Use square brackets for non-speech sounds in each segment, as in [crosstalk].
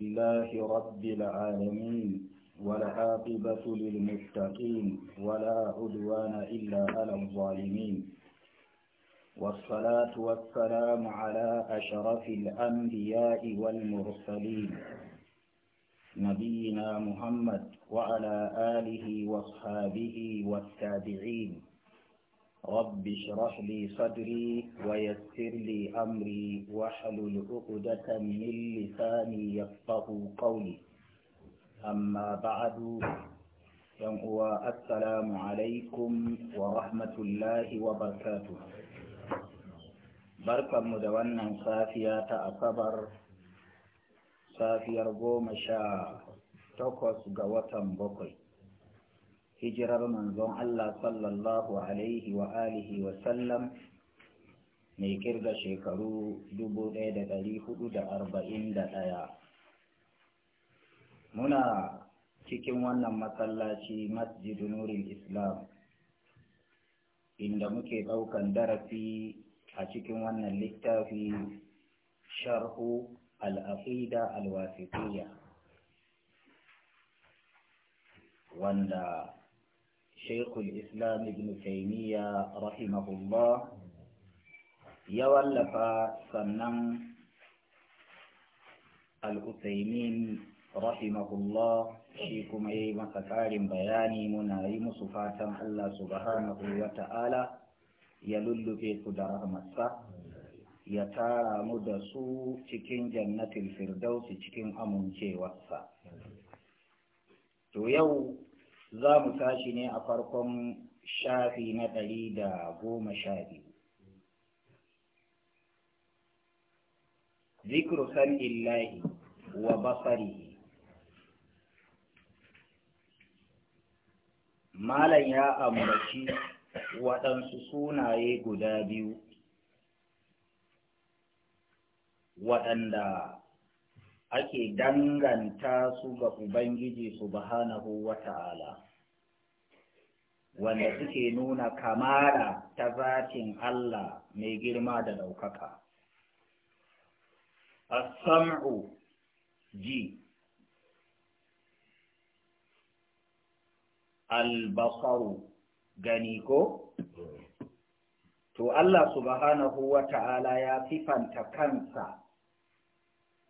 لله رب العالمين والعاقبة للمتقين ولا عدوان إلا على الظالمين والصلاة والسلام على أشرف الأنبياء والمرسلين نبينا محمد وعلى آله واصحابه والتابعين رب اشرح لي صدري ويسر لي أمري واحلل عقدة من لساني يفقه قولي أما بعد ينقوى السلام عليكم ورحمة الله وبركاته barkan mu da wannan safiya ta asabar safiyar goma sha takwas ga watan bakwai hijirar manzon Allah sallallahu alaihi wa alihi wa sallam mai kirga shekaru ɗaya. muna cikin wannan masallaci masjidu nurin islam inda muke ɗaukan darasi a cikin wannan littafi sharhu al alwasitiyya wanda شيخ الإسلام ابن تيمية رحمه الله يولف سنن الأثيمين رحمه الله شيكم أي مسكار بياني منايم صفاتا الله سبحانه وتعالى يلل في قدر مسه ya tara mu da su cikin jannatin firdausi cikin amincewarsa. To yau za mu tashi ne a farkon shafi na ɗari da goma sha biyu zikru san illahi wa basarihi malam ya amurci waɗansu sunaye guda biyu waɗanda ake danganta su ga Ubangiji subhanahu wa ta'ala, wanda suke nuna kamara ta zatin Allah mai girma da ɗaukaka. As-sam'u ji, al gani ko? To Allah subhanahu wa ta'ala ya fifanta kansa.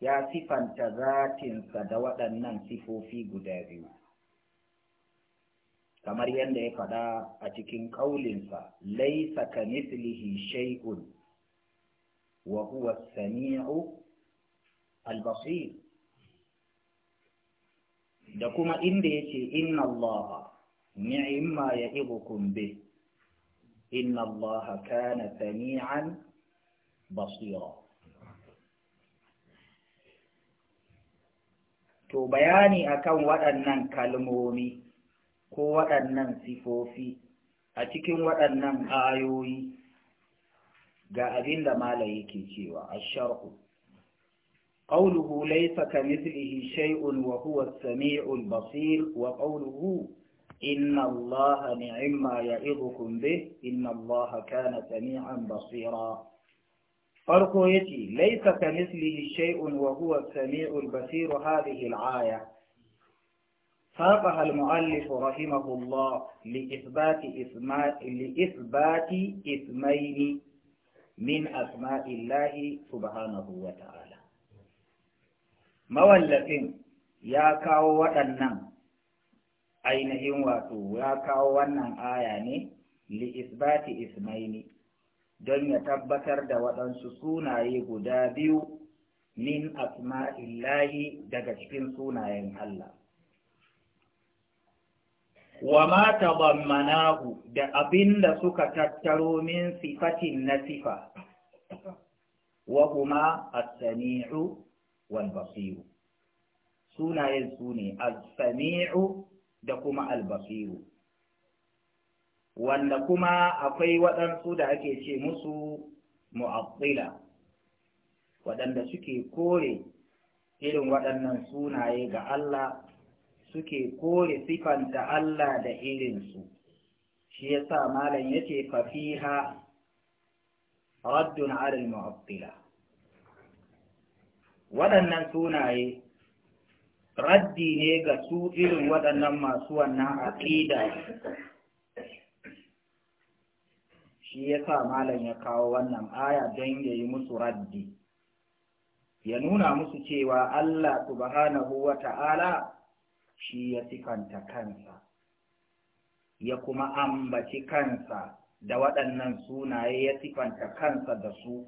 ya sifanta zatinsa da waɗannan sifofi guda biyu kamar yadda ya faɗa a cikin ƙaulinsa laisa ka mislihi shay'un wa huwa sami'u al-basir da kuma inda yake inna allaha ni'ma ya'idukum bih inna allaha kana sami'an basira to bayani akan waɗannan kalmomi ko waɗannan sifofi a cikin waɗannan ayoyi ga abin da mala yake cewa a sharhu ƙauluhu laisa ka mislihi shay'un wa huwa sami'ul basir wa ƙauluhu inna allaha ni'imma ya'idukum bih inna allaha kana sami'an basira يتي ليس كمثله شيء وهو السميع البصير هذه العاية ساقها المؤلف رحمه الله لإثبات إثم لإثبات إثمين من أسماء الله سبحانه وتعالى ما يا كاو أين هم واتو يا كاو آية لإثبات إثمين don ya tabbatar da waɗansu sunaye guda biyu min asma'illahi daga cikin sunayen Allah. Wa ma da abin da suka tattaro min sifatin na sifa, wa kuma as-sami'u wal basiru. Sunayen su ne asami'u da kuma al-basiru. wanda kuma akwai waɗansu da ake ce musu mu'abdila, waɗanda suke kore irin waɗannan sunaye ga Allah suke kore sifanta Allah da irinsu shi yasa malam yake fafiha raddun arin mu'abdila. waɗannan sunaye raddi ne ga su irin waɗannan masu wannan aqida shi ya sa malam ya kawo wannan aya don ya yi musu raddi ya nuna musu cewa Allah subhanahu wa ta'ala shi ya sifanta kansa ya kuma ambaci kansa da waɗannan sunaye ya sifanta kansa da su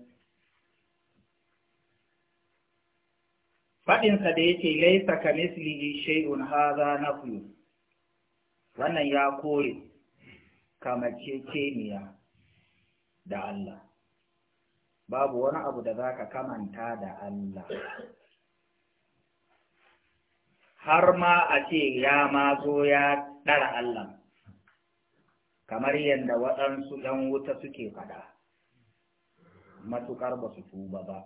faɗinsa da yake laisa ka mislihi shay'un haza nafiyu wannan ya kore keniya. da Allah babu wani abu da zaka kamanta da Allah har ma a ce ya ma zo ya ɗara Allah kamar yadda waɗansu ‘yan wuta suke faɗa matuƙar ba su tuba ba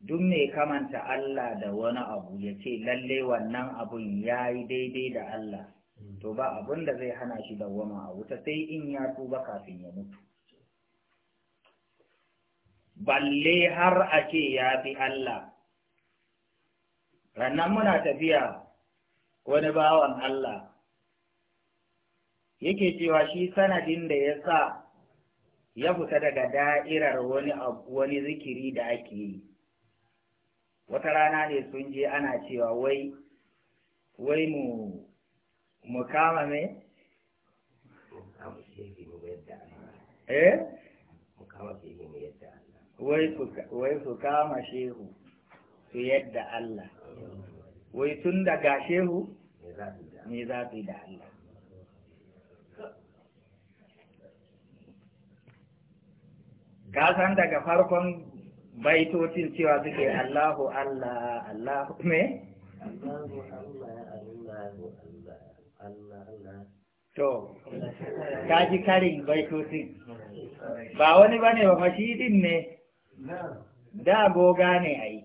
duk mai kamanta Allah da wani abu ya ce lalle wannan abun ya yi daidai da Allah to ba abun da zai hana shi dawwama a wuta sai in ya tuba kafin ya mutu balle har a ce ya fi Allah. Rannan muna tafiya wani bawan Allah, yake cewa shi sanadin da ya sa ya fita daga da'irar wani wani zikiri da ake yi. Wata rana ne sun je ana cewa wai, wai mu, mu kama Eh? wai su kama shehu su yadda Allah wai tun daga shehu me za su yi da Allah ka san daga farkon baitocin cewa suke Allahu Allah Allahu me Allahu Allah Allahu Allah Allah To, kaji karin baitocin, ba wani ba ne ba fashi ne, da boga ne a yi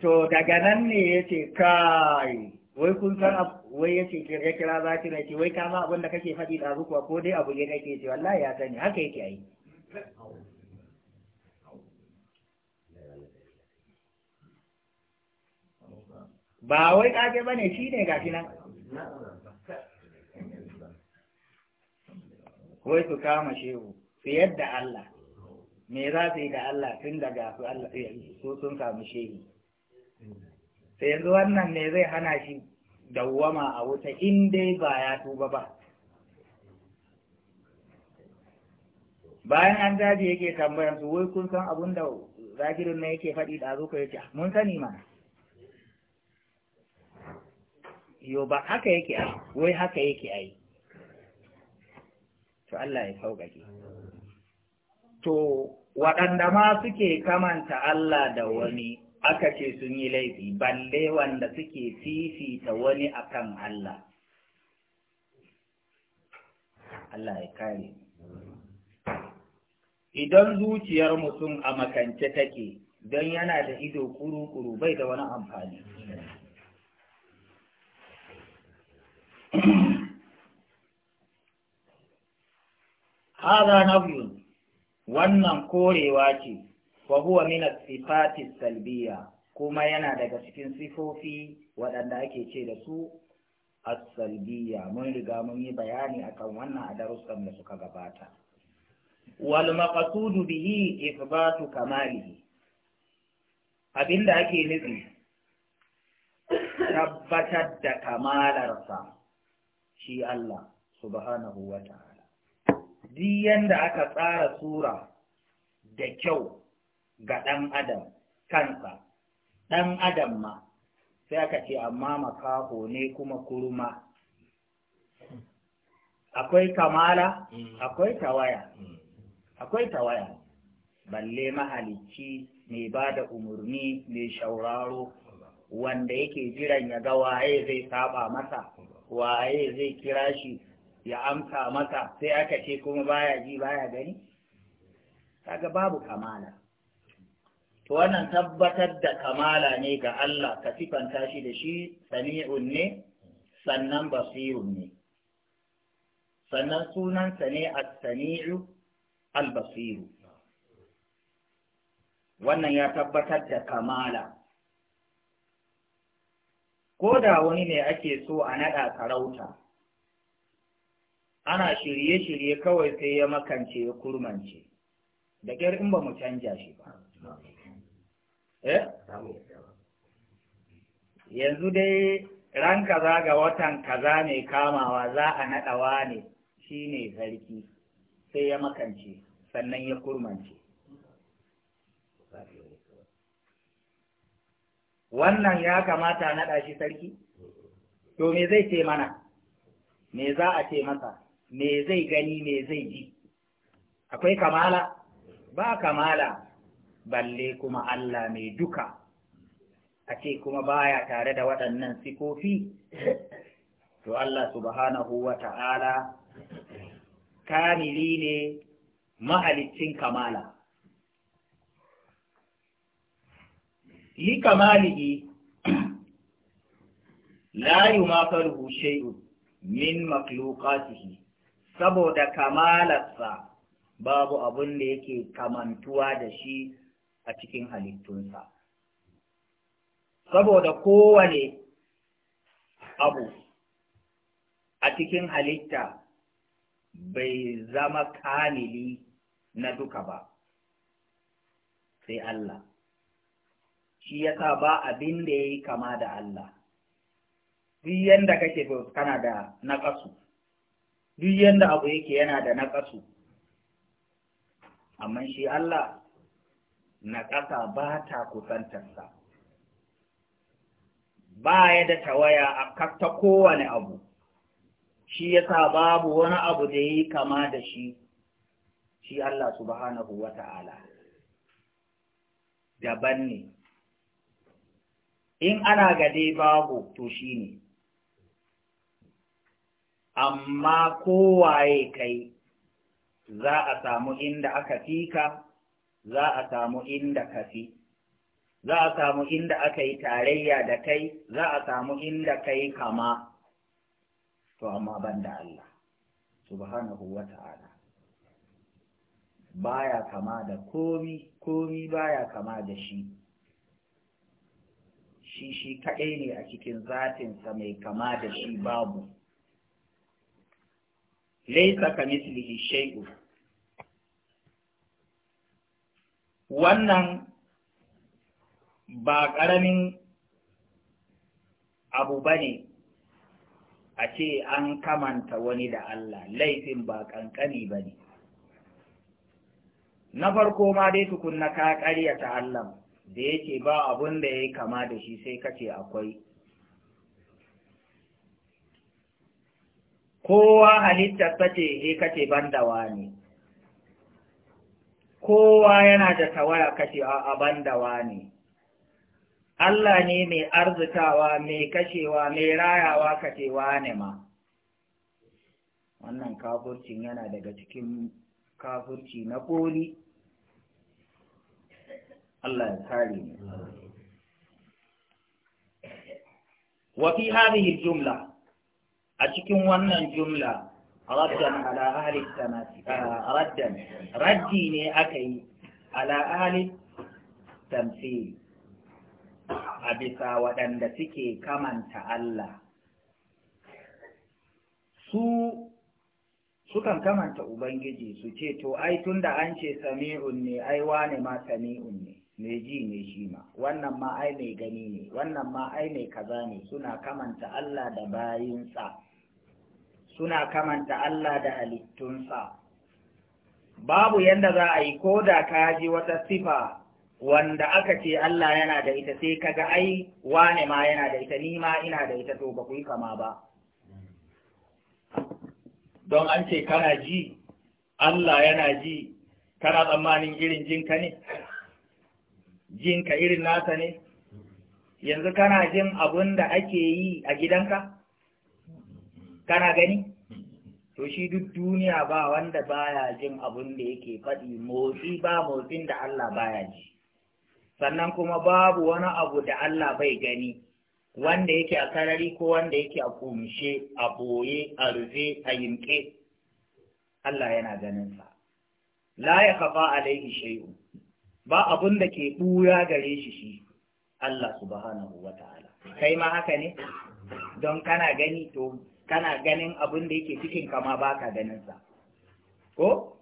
to daga nan ne ya ce kai wai kun san wai ya ce kira kira za ki ce wai kama abin da kake faɗi da kuwa ko dai abu ya ke ce wallahi ya sani haka yake a yi ba wai kage ba ne shi ne gashi nan wai su kama shehu su yadda Allah me za su yi da Allah tun daga su Allah eh, su sun samu shehi sai yanzu wannan me zai hana shi dawwama a wuta in dai ba ya tuba ba bayan an daji yake tambayar su wai kun san abun da zagirin na yake faɗi da zuka yake ah, mun sani mana yo ba haka yake ai wai haka yake ai to Allah ya sauƙaƙe to waɗanda ma suke kamanta Allah da wani aka ce sun yi laifi balle wanda suke fifita wani akan Allah Allah ya kare idan zuciyar mutum a makance take don yana da ido kuru-kuru bai da wani amfani هذا [clears throat] نبي wannan korewa ce wa huwa min sifati salbiya kuma yana daga cikin sifofi waɗanda ake ce da su as-salbiya mun riga mun yi bayani akan wannan a darussan da suka gabata wal maqsudu bihi ifbatu kamalihi abinda ake nufi tabbatar da kamalarsa shi Allah subhanahu wa ta'ala duk yanda aka tsara sura da kyau ga ɗan adam kansa ɗan adam ma sai aka ce amma makaho ne kuma kuruma. akwai kamala mm. akwai tawaya mm. akwai tawaya balle mahalicci mai ba da umarni mai shauraro wanda yake jiran ya ga waye zai saba masa mm. waye zai kira shi ya amsa masa sai aka ce kuma baya ji baya gani kaga babu kamala to wannan tabbatar da kamala ne ga Allah ka sifanta shi da shi sami'un ne sannan basirun ne sannan sunansa ne as-sami'u al-basiru wannan ya tabbatar da kamala ko da wani ne ake so a naɗa sarauta ana shirye-shirye kawai sai ya makance ya kurmance da ƙyar in ba mu canja shi ba eh yanzu dai ran kaza ga watan kaza ne kamawa za a naɗawa ne shi ne sarki sai ya makance sannan ya kurmance wannan ya kamata naɗa shi sarki to me zai ce mana me za a ce masa me zai gani me zai ji akwai kamala ba kamala balle kuma Allah mai duka a ce kuma baya tare da waɗannan sikofi to Allah subhanahu wa ta'ala kamili ne mahalicin kamala yi kamalihi la yumafalu shay'un min makhluqatihi saboda kamalarsa babu abin da yake kamantuwa da shi a cikin halittunsa saboda kowane abu a cikin halitta bai zama kamili na duka ba sai Allah shi yasa ba abin da ya yi kama da Allah duk yanda kake kana da naƙasu duk yanda abu yake yana da naƙasu amma shi Allah naƙasa ba ta kusantarsa ba ya da tawaya a kasta kowane abu shi yasa babu wani abu da yi kama da shi shi Allah subhanahu wa ta'ala daban ne in ana gade babu to shi ne amma kowaye kai za a samu inda aka fika za a samu inda ka fi za a samu inda aka yi tarayya da kai za a samu inda kai kama to amma ban Allah subhanahu wa ta'ala baya kama da komi komi baya kama da shi shi shi kaɗai ne a cikin zatinsa mai kama da shi babu laisa ka mislihi shay'u wannan ba ƙaramin abu bane a ce an kamanta wani da Allah laifin ba ƙanƙani ba ne na farko ma dai tukunna ka ƙaryata Allah da yake ba abun da ya yi kama da shi sai kace akwai kowa halittar sace ne kace bandawa ne kowa yana da tawaya kace a bandawa ne Allah ne mai arzikawa mai kashewa mai rayawa kace wane ma wannan kafurcin yana daga cikin kafurci na koli Allah ya kare mu wa fi hadhihi jumla a cikin wannan jumla raddan ala ahli raddan raddi ne aka yi ala ahli tamthil a bisa waɗanda suke kamanta Allah su sukan kamanta Ubangiji su ce, To, ai, tun da an ce sami'un ne, ai, wane ma sami'un ne, Me ji ne shi ma, wannan ma ai mai gani ne, wannan ma ai mai kaza ne, suna kamanta Allah da bayinsa. suna kamanta Allah da halittunsa. Babu yanda za a yi ko da ka ji wata sifa wanda aka ce Allah yana da ita sai kaga ai wane ma yana da ita ni ma ina da ita to ba ku yi kama ba. Don an ce kana ji, Allah yana ji, kana tsammanin irin jinka ne? Jinka irin nasa ne? Yanzu kana jin abun da ake yi a gidanka? kana gani to shi duk duniya ba wanda baya jin abun da yake faɗi motsi ba motsin da Allah baya ji sannan kuma babu wani abu da Allah bai gani wanda yake a sarari ko wanda yake a kumshe a boye a rufe a yimke Allah yana ganin sa la ya kafa alaihi shay'u ba abun da ke ɓuya gare shi shi Allah subhanahu wa ta'ala kai ma haka ne don kana gani to kana ganin abin da yake cikin kama ba ka ganinsa ko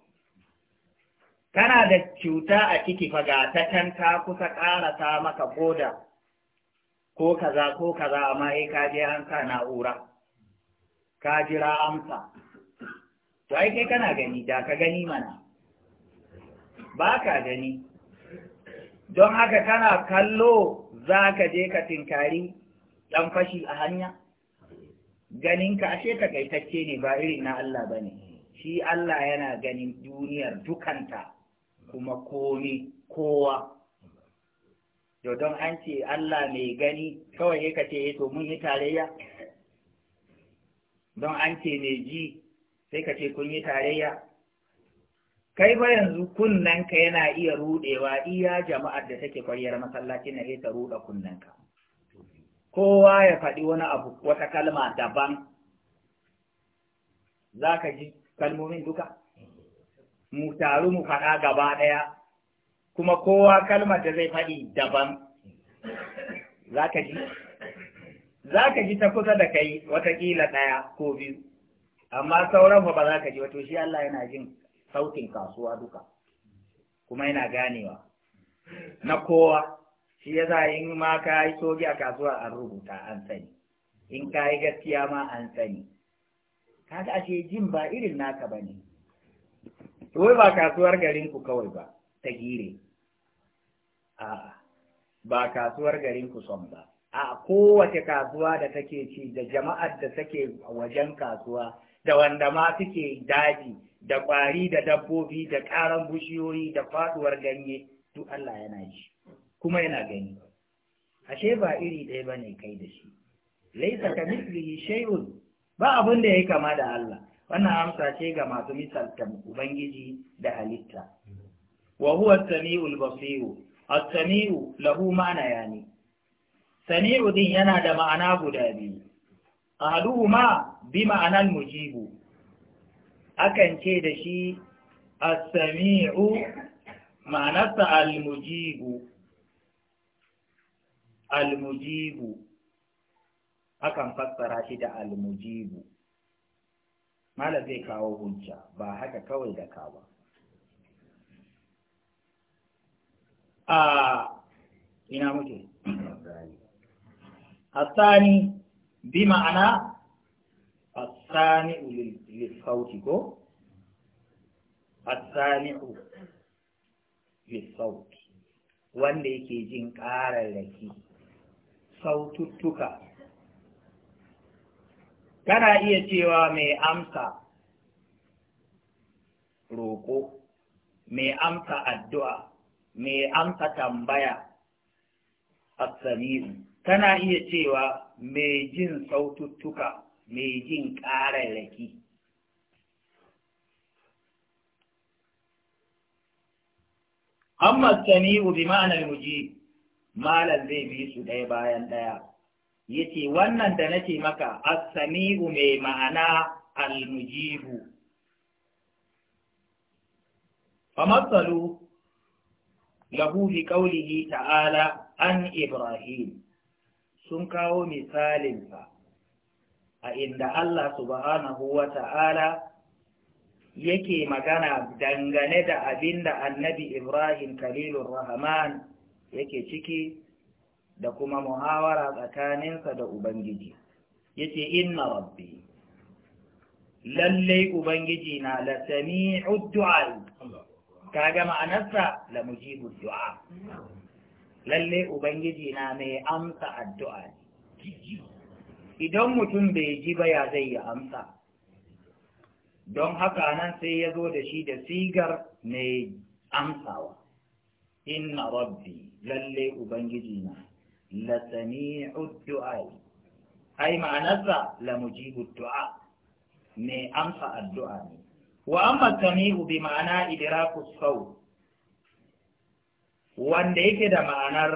kana da cuta a ciki faga ta can ta kusa ƙarasa maka koda ko kaza ko kaza amma eh ka je an na'ura ka jira amsa to ai kai kana gani da ka gani mana ba ka gani don haka kana kallo za ka je ka tinkari ɗan fashi a hanya ganinka ashe takaitacce ne ba irin na Allah ba ne shi Allah yana ganin duniyar dukanta kuma komi kowa to don an ce Allah mai gani kawai kace ya eh, to mun yi tarayya don an ce mai ji sai ka ce kun yi tarayya kai fa yanzu kunnanka yana iya rudewa iya jama'ar da take kwayar masallaci na ta ruɗe kunnanka kowa ya faɗi wani abu wata kalma daban za ka ji kalmomin duka mu taru mu faɗa gaba ɗaya kuma kowa kalmar da zai faɗi daban za ka ji za ka ji ta kusa da kai watakila ɗaya ko biyu amma sauran ba za ka ji wato shi Allah yana jin sautin kasuwa duka kuma yana ganewa na kowa shi yasa in ma ka yi soji a kasuwa an rubuta an sani in ka yi gaskiya ma an sani ga ashe jin ba irin naka ba ne. wai ba kasuwar garin ku kawai ba ta gire a'a ba kasuwar garin ku son ba a kowace kasuwa da take ci da jama'ar da take wajen kasuwa da wanda ma suke daji da ƙwari da dabbobi da ƙaran bushiyoyi da faɗuwar ganye duk Allah yana ji kuma yana gani ashe ba iri ɗaya ba ne kai da shi laisa ka mislihi shay'un ba abin da ya yi kama da Allah wannan amsa ce ga masu misalta ubangiji da halitta wa huwa as-sami'ul basir as-sami'u lahu ma'na yani sami'u din yana da ma'ana guda biyu ahaduhuma bi ma'anal mujibu akan ce da shi as-sami'u ma'anarsa al-mujibu almujibu akan fassara shi da almujibu malam zai kawo hujja ba haka kawai da ka ba a ina muke asani bi ma'ana asani sauti ko asani sauti wanda yake jin laki. saututtuka kana iya cewa mai amsa roƙo mai amsa addu'a mai amsa tambaya a asami'u kana iya cewa mai jin saututtuka mai jin ƙararraki amma sami'u bi ma'anar malam zai bi su ɗaya bayan ɗaya yace wannan da nake maka as-sami'u mai ma'ana al-mujibu famatsalu lahu bi qawlihi ta'ala an ibrahim sun kawo misalinsa a inda Allah subhanahu wa ta'ala yake magana dangane da abinda annabi Ibrahim Khalilur Rahman yake ciki da kuma muhawara tsakaninsa da Ubangiji, yace inna rabbi, lallai Ubangiji na lasami du'a gama ma'anarsa la mujibu du'a lallai Ubangiji na mai amsa addu'a idan mutum bai ji ba ya zai yi amsa, don haka nan sai ya zo da shi da sigar mai amsawa. inna rabbi lalle ubangiji na la sami'u du'a ai ma'anarsa la mujibu du'a mai amsa addu'a ne wa amma sami'u bi ma'ana idraku sau wanda yake da ma'anar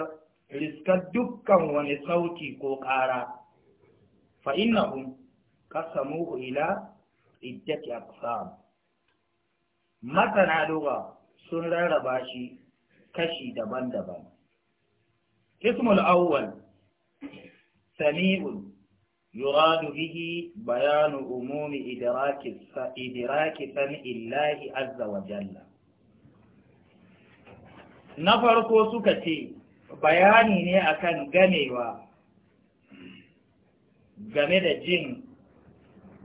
riskar dukkan wani sauti ko ƙara fa innahum qasamuhu ila iddati aqsam masana lugha sun rarraba shi kashi daban-daban ismul awwal sami'un yuradu bihi bayanu umumi idraki idraki sami'illahi azza wa jalla na farko suka ce bayani ne akan ganewa game da jin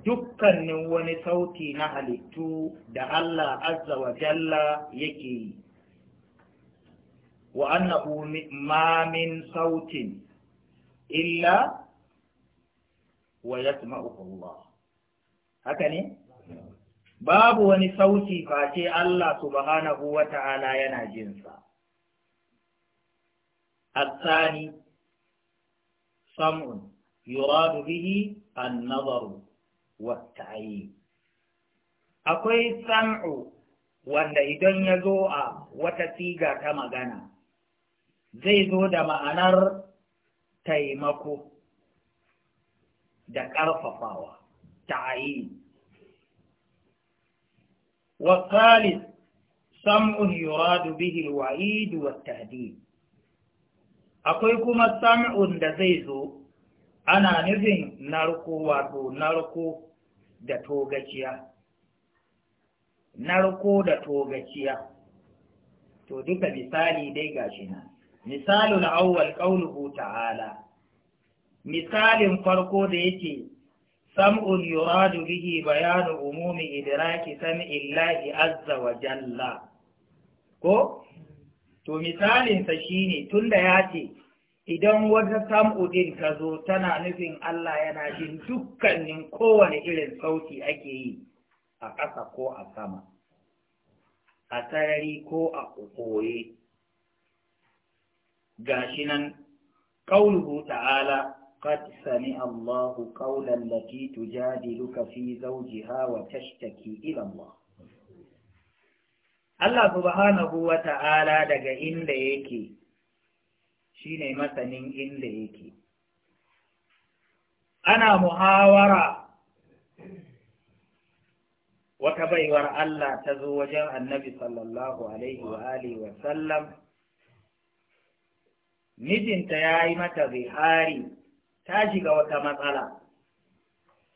dukkanin wani sauti na halittu da Allah azza wa jalla yake yi wa annahu ma min sautin illa wa yasma'uhu Allah haka ne babu wani sauti face Allah subhanahu wa ta'ala yana jinsa الثاني سمع يراد به النظر والتعيين akwai sam'u wanda idan ya zo a wata siga ta magana zai zo da ma'anar taimako da ƙarfafawa ta wa salis sam'un yuradu bihi al wa akwai kuma sam'un da zai zo ana nufin narko wato narko da togaciya narko da togaciya to duka misali dai gashi nan misalul awwal qawluhu ta'ala misalin farko da yake sam'un yuradu bihi bayanu umumi idraki sam'i Allahi azza wa jalla ko to misalin sa shine tunda ya ce idan wata sam'u din ta zo tana nufin Allah yana jin dukkanin kowane irin sauti ake yi a ƙasa ko a sama a sarari ko a ƙoƙoye gashi nan qauluhu ta'ala قد سمع الله قولا التي تجادلك في زوجها وتشتكي إلى الله Allah subhanahu wa ta'ala daga inda yake shine masanin inda yake. Ana muhawara wata baiwar Allah ta zo wajen annabi sallallahu Alaihi wa Alihi mijinta ya yi mata zihari ta shiga wata matsala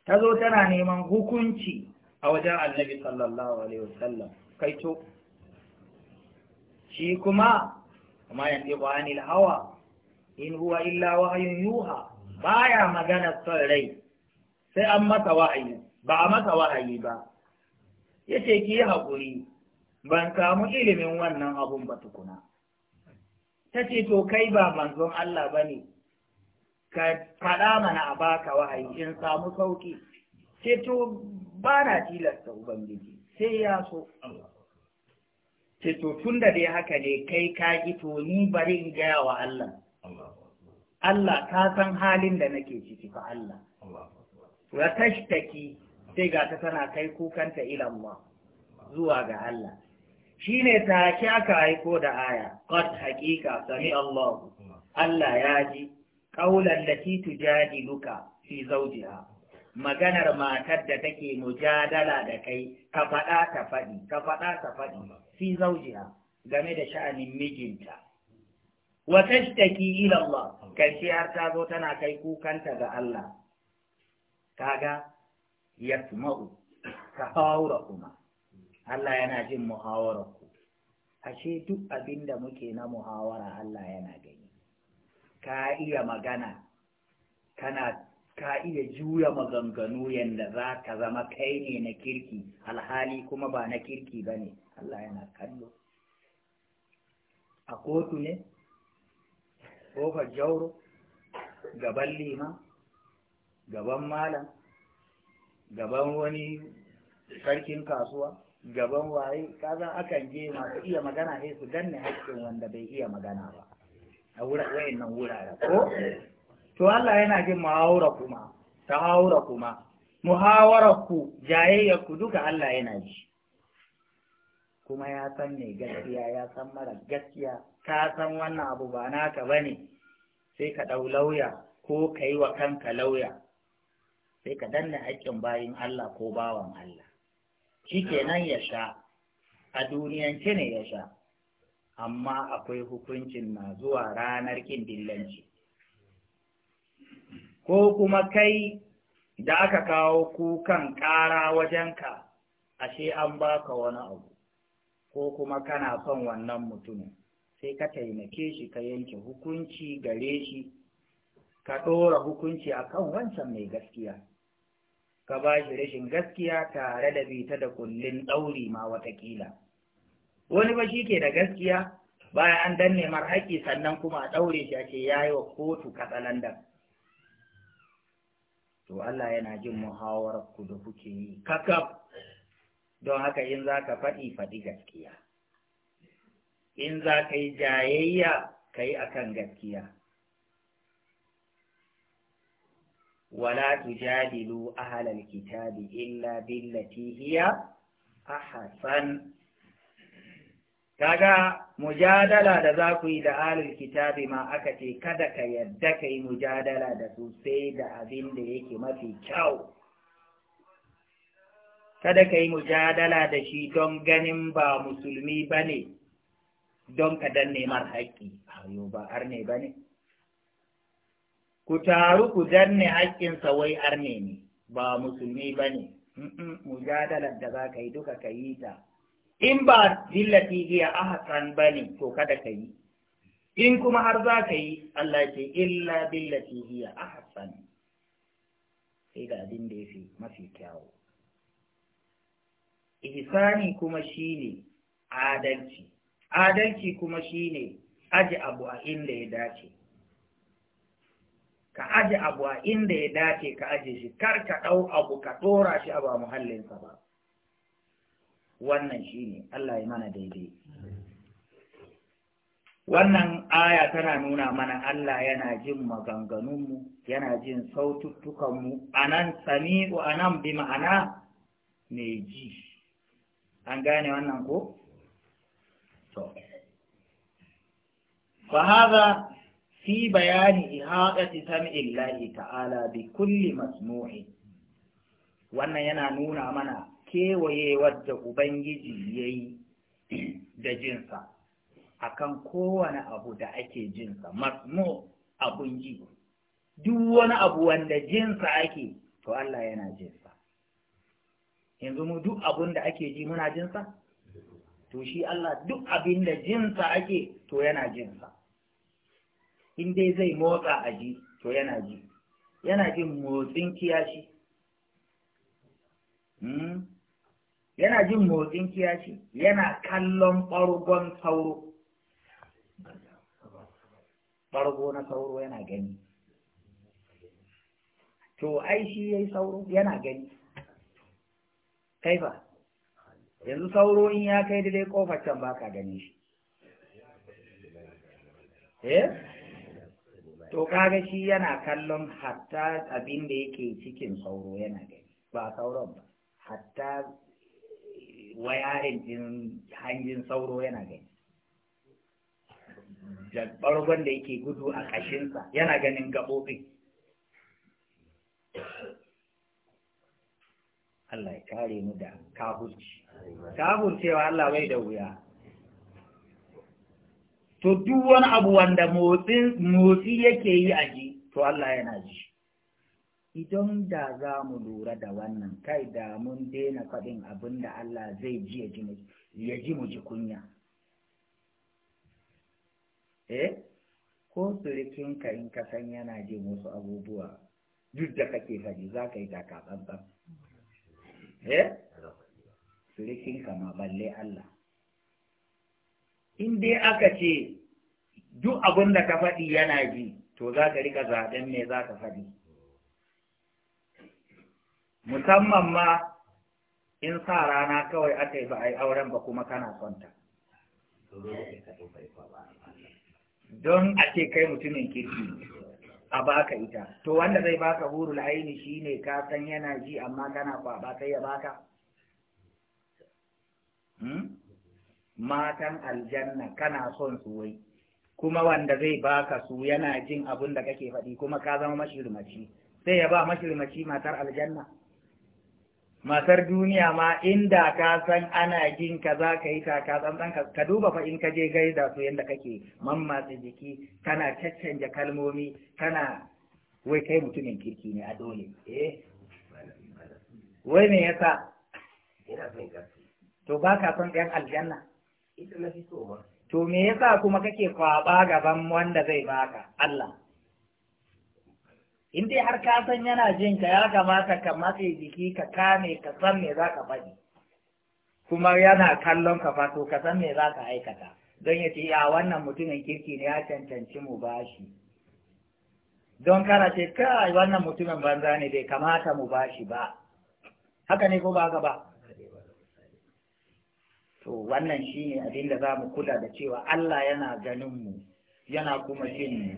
ta zo tana neman hukunci a wajen annabi sallallahu alaihi wasallam kai to shi kuma kuma yan ɗigo anil hawa in huwa illa wahayun yuha baya magana son rai sai an masa wa'ayi ba a masa wa'ayi ba ce ki yi haƙuri ban samu ilimin wannan abun ba tukuna ta ce to kai ba manzon Allah ba ne ka faɗa mana a baka wahayi in samu sauƙi ce to ba na tilasta ubangiji sai ya so ce to tun da dai haka ne kai ka ji to ni bari in gaya wa Allah Allah ka san halin da nake ciki fa Allah wa tashtaki sai ga ta tana kai kukanta ilan zuwa ga Allah shi ne take aka aiko da aya qad haƙiƙa, sami Allah Allah ya ji qaulan lati luka fi zawjiha maganar matar da take mujadala da kai ka faɗa ta faɗi ka faɗa ta faɗi fi zawjiha game da sha'anin mijinta wa tashtaki ila Allah kai har ta zo tana kai kukanta ga Allah kaga yasma'u ka haura kuma Allah yana jin muhawarar ku ashe duk abin da muke na muhawara Allah yana gani ka iya magana kana ka iya juya maganganu yanda za ka zama kai ne na kirki alhali kuma ba na kirki ba ne Allah yana kallo a kotu ne kofar jauro gaban lima gaban malam gaban wani sarkin kasuwa gaban waye kazan akan je masu iya magana sai su danne haƙƙin wanda bai iya magana ba a wurin nan wurare ko to Allah yana jin muhawara kuma tahawara kuma muhawara ku jayayya ku duka Allah yana ji kuma ya san mai gaskiya ya san mara gaskiya ka san wannan abu ba naka bane sai ka ɗau lauya ko ka yi wa kanka lauya sai ka danne haƙƙin bayin Allah ko bawan Allah shi kenan ya sha a duniyance ne ya sha amma akwai hukuncin na zuwa ranar kin dillanci ko kuma kai da aka kawo kukan ƙara wajenka ashe an baka wani abu ko kuma kana son wannan mutumin sai ka taimake shi ka yanke hukunci gare shi ka ɗora hukunci akan wancan mai gaskiya ka ba shi rashin gaskiya tare da bita da kullin ɗauri ma watakila wani ba shi ke da gaskiya bayan an danne mar haƙƙi sannan kuma a ɗaure shi a ce ya yi wa kotu katsalandan to Allah yana jin muhawarar ku da kuke yi kakaf don haka in za ka faɗi faɗi gaskiya in za ka yi jayayya ka yi akan gaskiya ولا تجادلوا أهل الكتاب إلا بالتي هي أحسن kaga mujadala da za ku yi da alul kitabi ma aka ce kada ka yarda ka yi mujadala da su sai da abin da yake mafi kyau kada ka yi mujadala da shi don ganin ba musulmi ba ne don ka danne mar haƙƙi ba arne ba ne ku taru ku danne haƙƙinsa wai arne ne ba musulmi ba ne mujadalar da za ka yi duka ka yi ta in ba dillati hiya ahsan ba ne to kada ka yi in kuma har za ka yi Allah ce illa dillati hiya ahsan sai da abin da yafi mafi kyawu ihsani kuma shine adalci adalci kuma shine aji abu a inda ya dace ka aje abu a inda ya dace ka aje shi kar ka ɗau abu ka ɗora shi a ba muhallinsa ba wannan shi ne Allah ya mana daidai wannan aya tana nuna mana Allah yana jin maganganunmu yana jin saututtukanmu a nan sami'u a nan bi ma'ana mai ji an gane wannan ko? to fa haza fi bayani ihaqati sam'illahi ta'ala bi kulli masnu'i wannan yana nuna mana kewayewar da ubangiji yayi da jinsa akan kowane abu da ake jinsa masnu abun ji duk wani abu wanda jinsa ake to Allah yana jinsa yanzu mu duk abun da ake ji muna jinsa to shi Allah duk abin da jinsa ake to yana jinsa in dai zai motsa a ji to yana ji yana jin motsin kiyashi hmm? yana jin motsin kiyashi yana kallon ɓargon sauro ɓargo na sauro yana gani to ai shi yayi sauro yana gani kaifa yanzu sauro in ya kai daidai kofar can ka gani shi eh to kaga shi yana kallon hatta abin da yake cikin sauro yana gani ba sauran ba hatta eh, wayarin din hanjin sauro yana gani bargon da yake gudu a ƙashinsa yana ganin gaɓoɓi Allah ya kare mu da kafurci kafurcewa Allah bai da wuya to duk wani abu wanda motsi yake yi a ji to Allah yana ji idan da za mu lura da wannan kai da mun daina faɗin abin da Allah zai ji ya ji mu ji kunya eh ko surikinka in ka san yana ji wasu abubuwa duk da kake faɗi za ka yi taka tsantsan eh surikinka ma balle Allah in dai aka ce duk abin da ka faɗi yana ji to za ka rika zaɓen me za ka faɗi musamman ma in sa rana kawai aka yi ba a yi auren ba kuma kana kwanta don a ce kai mutumin kirki a baka ita to wanda zai baka hurul aini ne ka san yana ji amma kana kwaba sai ya baka hmm? matan aljanna kana son su wai kuma wanda zai baka su yana jin abin da kake faɗi kuma ka zama mashirmaci sai ya ba mashirmaci matar aljanna matar duniya ma inda ka san ana jin ka za ka yi taka tsantsan ka duba fa in ka je gaida su yadda kake mammatsa jiki kana caccanja kalmomi kana wai kai mutumin kirki ne a dole eh wai me yasa ina son to ba ka son ɗan aljanna To me yasa kuma kake kwaba gaban wanda zai baka Allah? In dai har ka san yana jin ka ya kamata ka matse jiki ka kame ka san me za ka faɗi. Kuma yana kallon ka to ka san me za ka aikata. Don ya ce ya wannan mutumin kirki ne ya cancanci mu bashi. Don kana ce kai wannan mutumin banza ne bai kamata mu bashi ba. Haka ne ko ba haka ba? to wannan shi ne abin da za mu kula da cewa Allah yana ganinmu yana kuma jin mu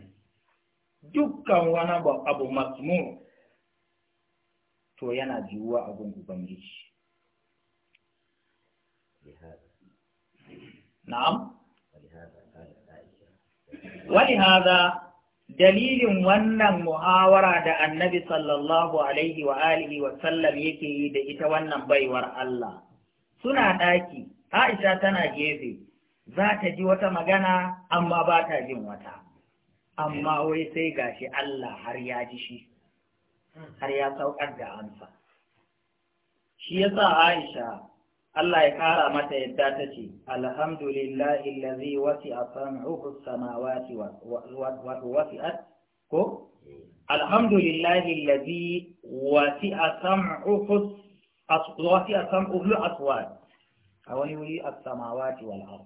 dukkan wani abu masmu to yana jiwuwa abin ubangiji na'am wani haza dalilin wannan muhawara da annabi sallallahu alaihi wa alihi wa sallam yake yi da ita wannan baiwar Allah suna ɗaki Aisha tana gefe, za ta ji wata magana amma ba ta jin wata, amma wai sai gashi Allah har ya ji shi, har ya saukar da amsa. Shi ya sa Aisha, Allah ya kara mata yadda ta ce, Alhamdulillah illazi wasi a san'uhu samawati wasi'at ko? Alhamdulillah illazi wasi a sam'uhu aswat. a wani wuri a samawati wal ard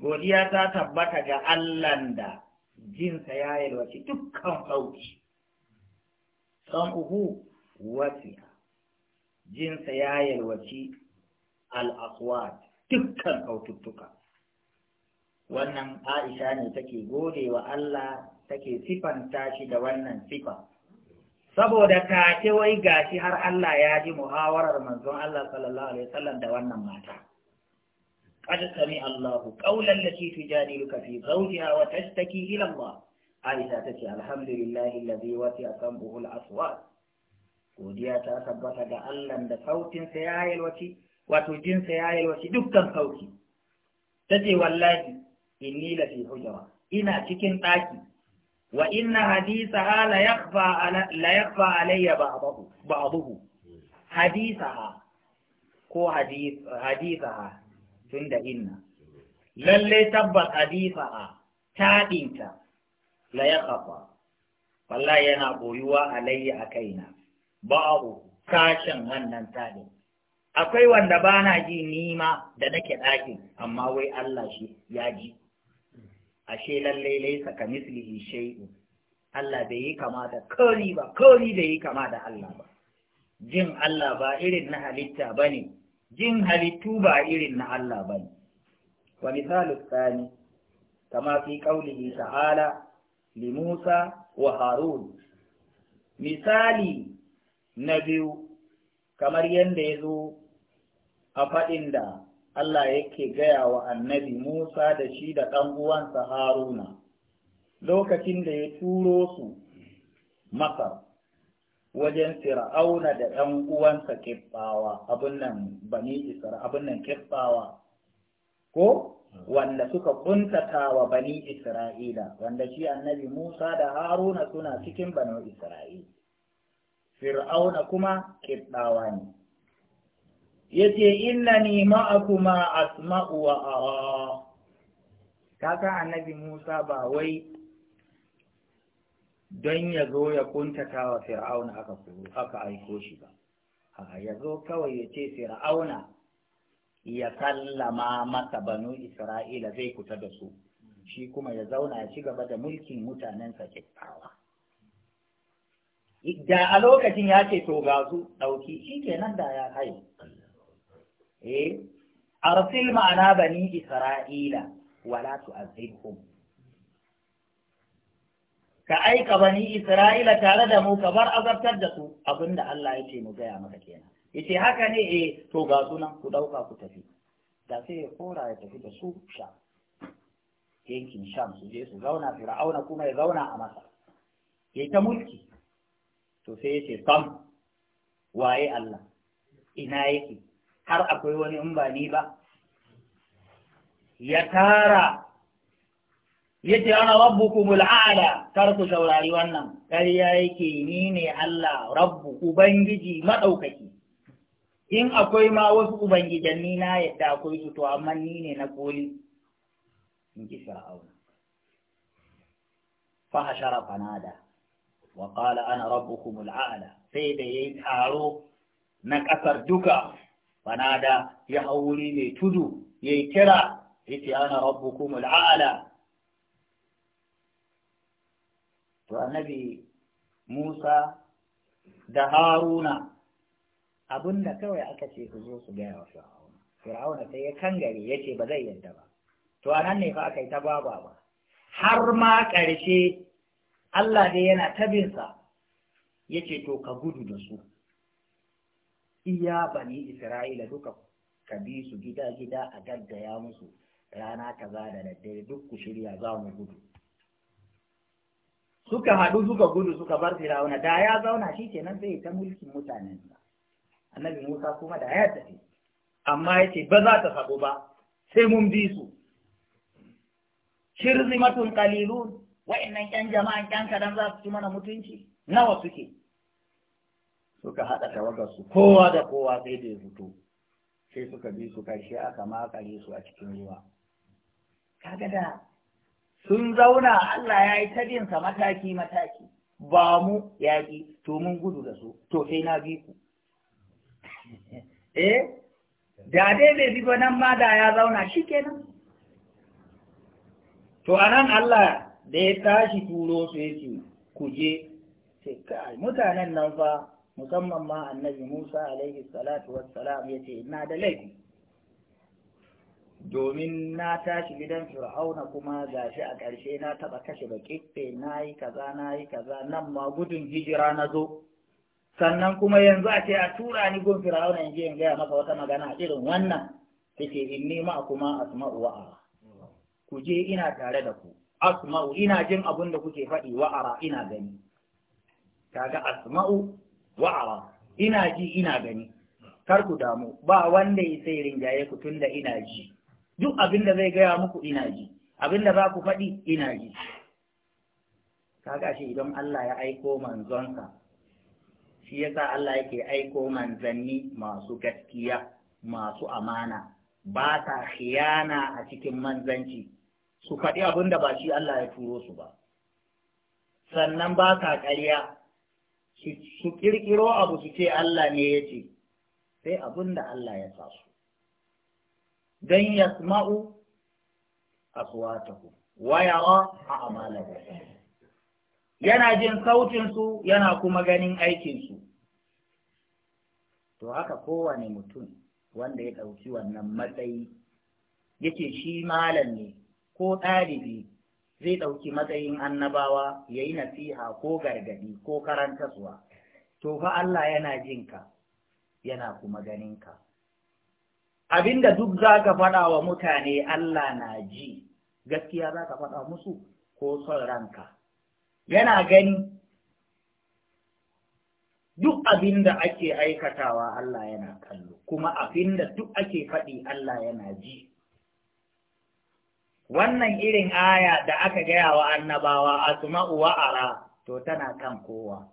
godiya ta tabbata ga Allah da jinsa ya yalwaci dukkan sauki san uhu wasi'a jinsa ya yalwaci al dukkan kaututtuka wannan Aisha ne take gode wa Allah take sifanta shi da wannan sifa saboda take wai gashi har Allah ya ji muhawarar manzon Allah sallallahu alaihi wasallam da wannan mata qad sami Allahu qawlan lati tujadiluka fi zawjiha wa tashtaki ila Allah Aisha ta tace alhamdulillahi alladhi wasi'a sam'uhu al-aswat godiya ta tabbata ga Allah da sautin sa ya yalwaci wato jin sa ya yalwaci dukkan sauti tace wallahi inni la fi hujra ina cikin daki wa inna hadithaha la alayya ba'dahu ba'dahu hadithaha ko hadith tunda inna lalle tabbas hadithaha ta dinta la yakhfa wallahi yana boyuwa alayya kaina. ba'dahu kashin wannan tadin akwai wanda bana ji nima da nake ɗakin amma wai Allah shi ya ji ashe lallai laisa ka mislihi shay'un Allah bai yi kama da kari ba kari bai yi kama da Allah ba jin Allah ba irin na halitta bane jin halittu ba irin na Allah bane wa misalu tsani kama fi qaulihi ta'ala li Musa wa Harun misali na biyu kamar yadda ya zo a faɗin da Allah yake gaya wa annabi Musa da shi da ɗan uwansa Haruna lokacin da ya turo su Masar wajen Fir'auna da ɗan uwansa Kibbawa abin nan Bani Isra abin nan Kibbawa ko wanda suka kuntata wa Bani Isra'ila wanda shi annabi Musa da Haruna suna cikin Bani Isra'ila Fir'auna kuma Kibbawa ne Ya ce, yace ma ma'akuma asma'u wa ara kaka annabi Musa ba wai don ya zo ya kuntata wa fir'auna aka aka aiko shi ba a ya zo kawai ya ce fir'auna ya sallama masa banu isra'ila zai kuta da su shi kuma ya zauna ya ci gaba da mulkin mutanensa kyakkyawa da a lokacin ya ce to ga su ɗauki shi kenan da ya haye eh arsil ma'ana bani isra'ila wala tu'azibhum ka aika bani isra'ila tare da mu ka bar azabtar da su abinda Allah ya ce mu gaya maka kenan yace haka ne eh to ga sunan ku dauka ku tafi da sai ya kora ya tafi da su sha yankin sham su je su zauna fir'auna kuma ya zauna a masa ya ta mulki to sai ya ce sam waye Allah ina yake har akwai wani in ba ni ba ya tara ya ce ana kuma al’ada kar ku saurari wannan ƙarya yake ni ne Allah rabbu ubangiji maɗaukaki in akwai ma wasu ubangijanni na yadda akwai su to amma ni ne na koli in ki fir'auna fa fanada wa ƙala ana kuma al’ada sai da ya yi taro na ƙasar duka fanada ya hauri mai tudu ya yi kira ya ce ana rabbukum al'ala to annabi Musa da Haruna abinda kawai aka ce su zo su gaya wa Fir'auna Fir'auna sai ya kangare ya ce ba zai yadda ba to nan ne fa aka yi ta baba ba har ma ƙarshe Allah dai yana tabinsa ya ce to ka gudu da su iya bani isra'ila duka ka bi su gida gida a gaggaya musu rana kaza da daddare duk ku shirya za mu gudu suka haɗu suka gudu suka bar firawuna da ya zauna shi nan zai ta mulkin mutanen sa annabi musa kuma da ya tafi amma ya ce ba za ta faɗo ba sai mun bi su Shirzi shirzimatun Kalilu, wa'annan ƴan jama'an ƴan kadan za su ci mana mutunci nawa suke suka haɗa tawagarsu kowa da kowa sai da ya fito sai suka bi su karshe aka makare su a cikin ruwa kaga da sun zauna Allah ya yi ta binsa mataki mataki ba mu yaƙi to mun gudu da su to sai na bi ku [laughs] eh da dai bai bi ba nan ma da ya zauna shi kenan to anan Allah da ya tashi turo su ya ce ku je sai kai mutanen nan fa musamman ma annabi Musa alaihi salatu wassalam ya ina da laifi domin na tashi gidan fir'auna kuma gashi a ƙarshe na taɓa kashe da ƙife na yi kaza na yi kaza nan ma gudun hijira na zo sannan kuma yanzu a ce a tura ni gun fir'auna in je in gaya maka wata magana irin wannan take inni ma kuma asma'u wa'ara ku je ina tare da ku asma'u ina jin abin da kuke faɗi wa'ara ina gani kaga asma'u wa'awa ina ji ina gani karku damu ba wanda ya sai rinjaye ku tunda ina ji duk abin da zai gaya muku ina ji abin da za ku faɗi ina ji kaga shi idan Allah ya aiko manzonsa shi yasa Allah yake aiko manzanni masu gaskiya masu amana ba ta khiyana a cikin manzanci su faɗi abinda ba shi Allah ya turo su ba sannan ba ta ƙarya su kirkiro abu su ce Allah ne ya ce sai abin da Allah ya sa su don yasma'u aswatahu wa yara a'malahu yana jin sautin su yana kuma ganin aikin su to haka kowane mutum wanda ya ɗauki wannan matsayi yake shi malam ne ko ɗalibi zai ɗauki matsayin annabawa ya yi nasiha ko gargadi ko karantaswa to fa Allah yana jinka yana kuma ganinka abinda duk za ka faɗa wa mutane Allah na ji gaskiya za ka faɗa musu ko son ranka yana gani duk abin da ake aikatawa Allah yana kallo, kuma abin da duk ake faɗi Allah yana ji. wannan irin aya da aka gaya wa annabawa asma'u wa ara to tana kan kowa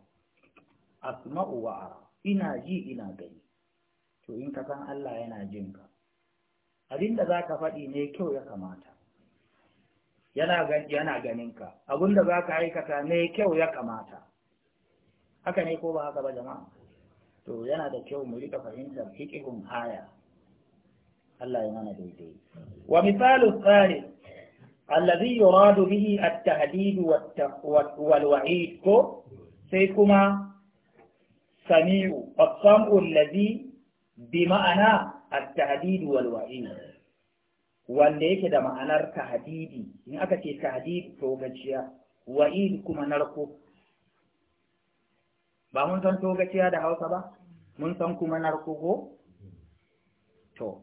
asma'u wa ara ina ji ina gani to in ka san Allah yana jin ka abinda zaka faɗi ne kyau ya kamata yana gani yana ganin ka da zaka aikata ne kyau ya kamata haka ne ko ba haka ba jama'a to yana da kyau mu rika fahimtar fiqhun haya Allah ya mana daidai wa misalu tsari allazi yuradu bihi at-tahdid wal wa'id ko sai kuma sami'u as-sam'u allazi bi ma'ana at-tahdid wal wa'id wanda yake da ma'anar tahdidi in aka ce tahdid to gaciya wa'id kuma narko ba mun san togaciya da hausa ba mun san kuma narko ko to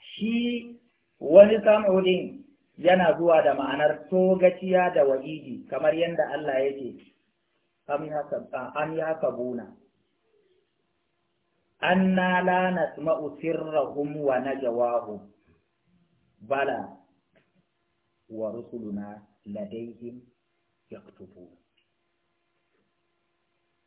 shi wani sam'udin yana zuwa da ma'anar togaciya da wa'idi kamar yadda Allah yake am ya An na la nasma'u sirrahum wa na najawahum bala wa rusuluna ladayhim yaktubun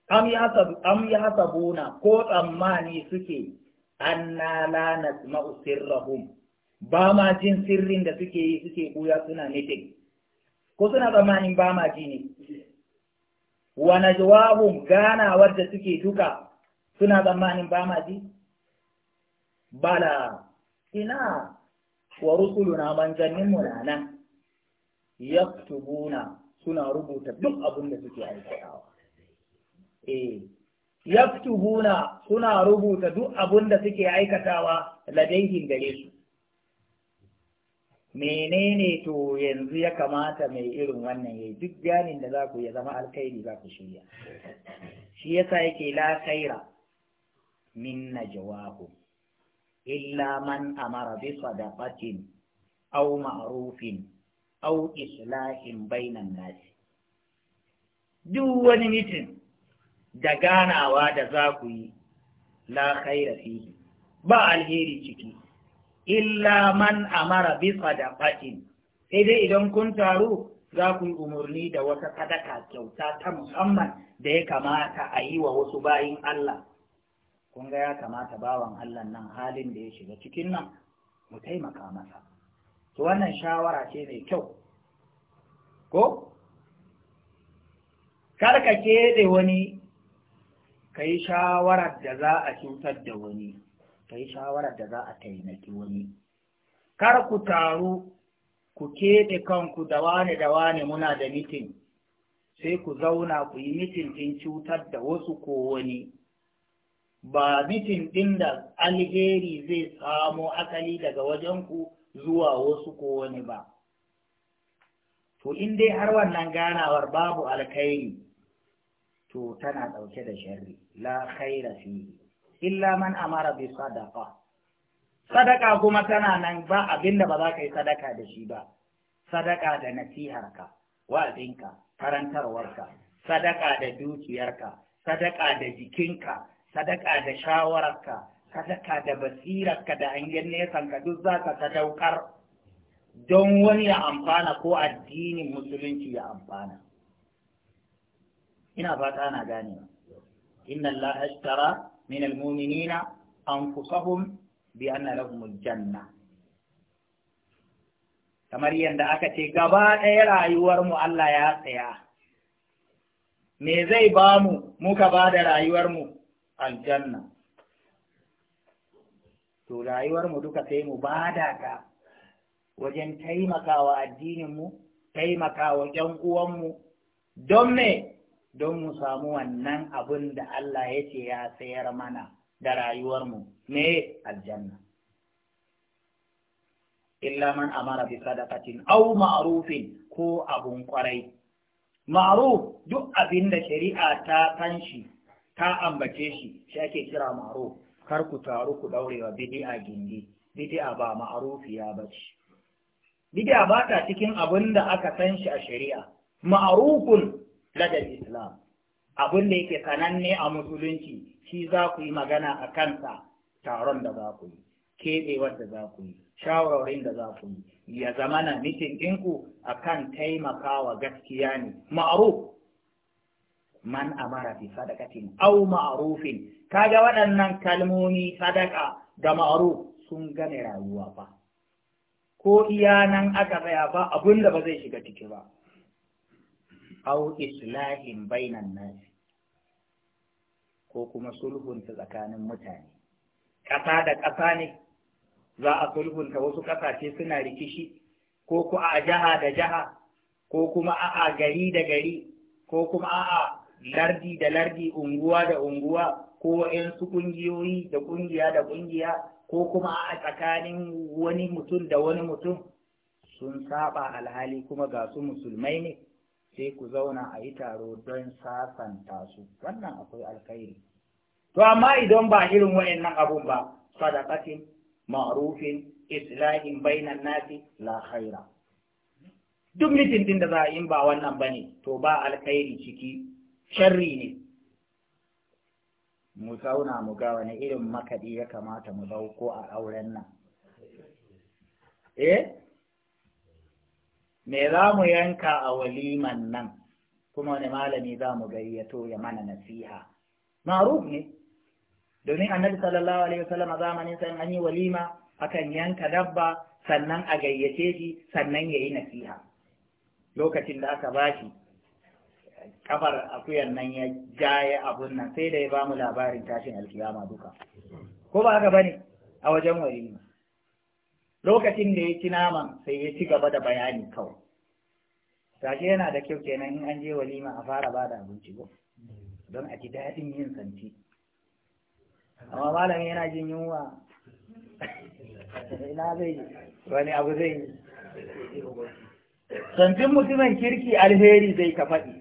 am ya buna ko tsammani suke an na lanat nasma'u rahum. ba ma jin sirrin da suke yi suke buya suna meeting ko suna tsammanin ba ma ji ne wa jawabu ganawar da suke duka suna tsammanin ba ma ji bala ina wa na manzannin mu nan yaktubuna suna rubuta duk abin da suke aikatawa eh yaktubuna suna rubuta duk abin da suke aikatawa ladaihin gare su menene to yanzu ya kamata mai irin wannan yayi duk janin da za ku ya zama alkhairi za ku shirya shi yasa yake la khaira min najwahu illa man amara bi sadaqatin aw ma'rufin aw islahin bainan nas duk wani mitin da ganawa da za ku yi la khaira fihi ba alheri ciki illa man amara bi sadaqatin sai dai idan kun taru za ku yi umarni da wata sadaka kyauta ta musamman da ya kamata a yi wa wasu bayin Allah kun ga ya kamata bawan Allah nan halin da ya shiga cikin nan mu taimaka masa to wannan shawara ce mai kyau ko ka keɗe wani ka yi shawarar da za a cutar da wani ta yi shawarar da za a taimaki wani kar ku taru ku keɓe kanku da wane da wane muna da mitin sai ku zauna ku yi mitin ɗin cutar da wasu ko wani ba mitin ɗin da alheri zai samo asali daga wajenku zuwa wasu ko wani ba to in dai har wannan ganawar babu alkhairi to tana ɗauke da sharri la khaira fihi illa man amara bi sadaqa sadaka kuma tana nan ba abinda ba za ka yi sadaka da shi ba sadaka da nasiharka wa'azinka karantarwarka sadaka da dukiyarka sadaka da jikinka sadaka da shawararka sadaka da basirarka da hangen ka duk za ka sadaukar don wani ya amfana ko addinin musulunci ya amfana ina fata ana gane. inna allaha ashtara من المؤمنين أنفسهم بأن لهم الجنة kamar yadda aka ce gaba ɗaya rayuwarmu Allah ya tsaya me zai ba mu muka ba da rayuwarmu aljanna to rayuwarmu duka sai mu bada ta wajen taimakawa addininmu taimakawa yan uwanmu don me don mu samu wannan abin da Allah ya ce ya sayar mana da rayuwarmu me aljanna illa man amara bi sadaqatin aw ma'rufin ko abun kwarai ma'ruf duk abin da shari'a ta tanshi ta ambace shi shi ake kira ma'ruf kar ku taru ku wa bid'a gindi bid'a ba ya bace bid'a ba ta cikin abin da aka san shi a shari'a ma'rufun ladar Islam. Abin da yake sananne a musulunci shi za ku yi magana a kansa taron da za ku yi, keɓewar da za ku yi, shawarwarin da za ku yi, ya zama na mitin ɗinku a kan taimakawa gaskiya ne, ma'aruf. Man amara fi sadakatin au ma'arufin, kaga waɗannan kalmomi sadaka da ma'aruf sun gane rayuwa ba. Ko iya nan aka tsaya ba abin da ba zai shiga ciki ba. au islahin bainan nasi ko kuma sulhunta tsakanin mutane ƙasa da ƙasa ne za a sulhunta wasu ƙasashe suna rikishi ko ku a jaha da jaha ko kuma a gari da gari ko kuma a lardi da lardi unguwa da unguwa ko su ƙungiyoyi da ƙungiya da ƙungiya ko kuma a tsakanin wani mutum da wani mutum sun saba alhali kuma ga su musulmai ne sai ku zauna a yi taro don sasanta su wannan akwai alkhairi to amma idan ba irin wayannan abun ba sadaqatin ma'rufin islahin bainan nasi la khaira duk mitin din da za a yi ba wannan bane to ba alkhairi ciki sharri ne mu zauna mu ga wani irin makaɗi ya kamata mu dauko a auren nan. Eh? me za mu yanka a waliman nan kuma wani malami za mu gayyato ya mana nasiha ma'ruf ne domin annabi sallallahu alaihi wasallam zamanin san an yi walima akan yanka dabba sannan a gayyace shi sannan yayi nasiha lokacin da aka bashi kafar akuyan nan ya jaye abun nan sai da ya bamu labarin tashin alkiyama duka ko ba haka bane a wajen walima lokacin da ya ci naman sai ya ci gaba da bayani kawai sashe yana da kyau kenan in an je walima a fara ba da abinci ba, don a ji daɗin yin santi amma malami yana jin yunwa ina zai wani abu zai santin mutumin kirki alheri zai ka faɗi